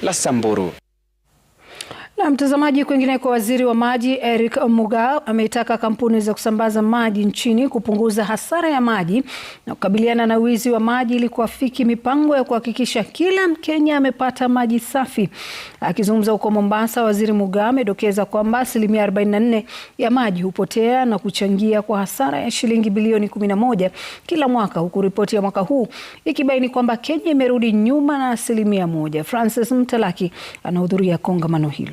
la Samburu. Mtazamaji, kwingineko, waziri wa maji Eric Mugaa ameitaka kampuni za kusambaza maji nchini kupunguza hasara ya maji na kukabiliana na wizi wa maji ili kuafiki mipango ya kuhakikisha kila Mkenya amepata maji safi. Akizungumza huko Mombasa, waziri Mugaa amedokeza kwamba asilimia 44 ya maji hupotea na kuchangia kwa hasara ya shilingi bilioni 11 kila mwaka, huku ripoti ya mwaka huu ikibaini kwamba Kenya imerudi nyuma na asilimia moja. Francis Mtalaki anahudhuria kongamano hilo.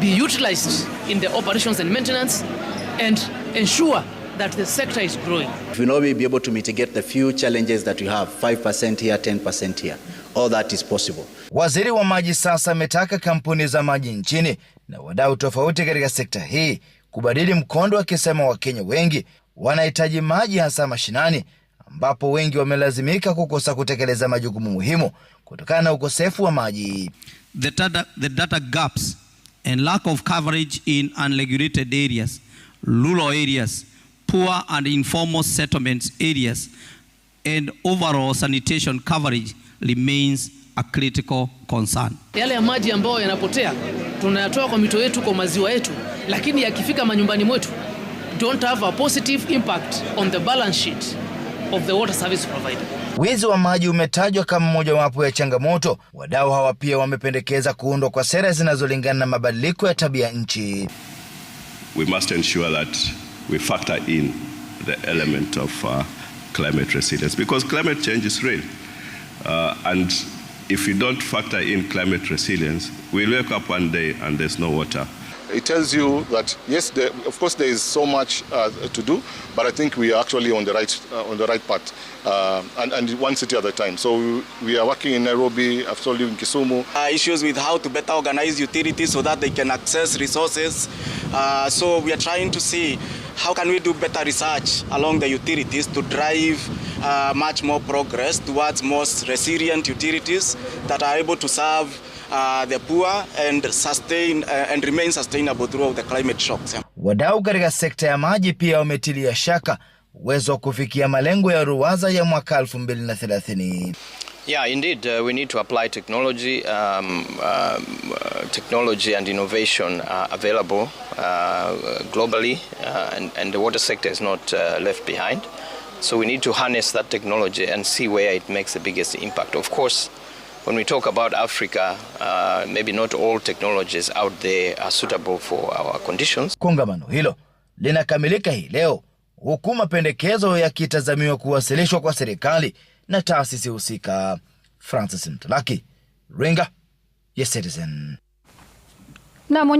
be utilized in the operations and maintenance and ensure that the sector is growing. We know we'll be able to mitigate the few challenges that we have, 5% here, 10% here. All that is possible. Waziri wa maji sasa ametaka kampuni za maji nchini na wadau tofauti katika sekta hii kubadili mkondo, akisema Wakenya wengi wanahitaji maji hasa mashinani ambapo wengi wamelazimika kukosa kutekeleza majukumu muhimu kutokana na ukosefu wa maji. The data, the data gaps and lack of coverage in unregulated areas, rural areas, poor and informal settlements areas, and overall sanitation coverage remains a critical concern. Yale ya maji ambayo yanapotea tunayatoa kwa mito yetu, kwa maziwa yetu, lakini yakifika manyumbani mwetu don't have a positive impact on the balance sheet of the water service provider. Wizi wa maji umetajwa kama mojawapo ya changamoto. Wadau hawa pia wamependekeza kuundwa kwa sera zinazolingana na mabadiliko ya tabia nchi. We must ensure that we factor in the element of uh, climate resilience because climate change is real. Uh, and if you don't factor in climate resilience, we'll wake up one day and there's no water. it tells you that yes, there, of course there is so much uh, to do, but I think we are actually on the right uh, on the right path, uh, and, and, one city at a time. So we are working in Nairobi, I've told you in Kisumu. Uh, issues with how to better organize utilities so that they can access resources. Uh, so we are trying to see how can we do better research along the utilities to drive uh, much more progress towards more resilient utilities that are able to serve uh, the poor and sustain, uh, and remain sustainable throughout the climate shocks. Wadau katika sekta ya maji pia wametilia shaka uwezo wa kufikia malengo ya ruwaza ya mwaka 2030. Yeah, indeed, uh, we need to apply technology, um, uh, technology and innovation uh, available uh, globally uh, and, and the water sector is not uh, left behind. So we need to harness that technology and see where it makes the biggest impact. Of course, when we talk about Africa, uh, maybe not all technologies out there are suitable for our conditions. Kongamano hilo linakamilika hii leo huku mapendekezo yakitazamiwa kuwasilishwa kwa serikali na taasisi husika. Francis Mtalaki, Ringa ya Citizen na mwenye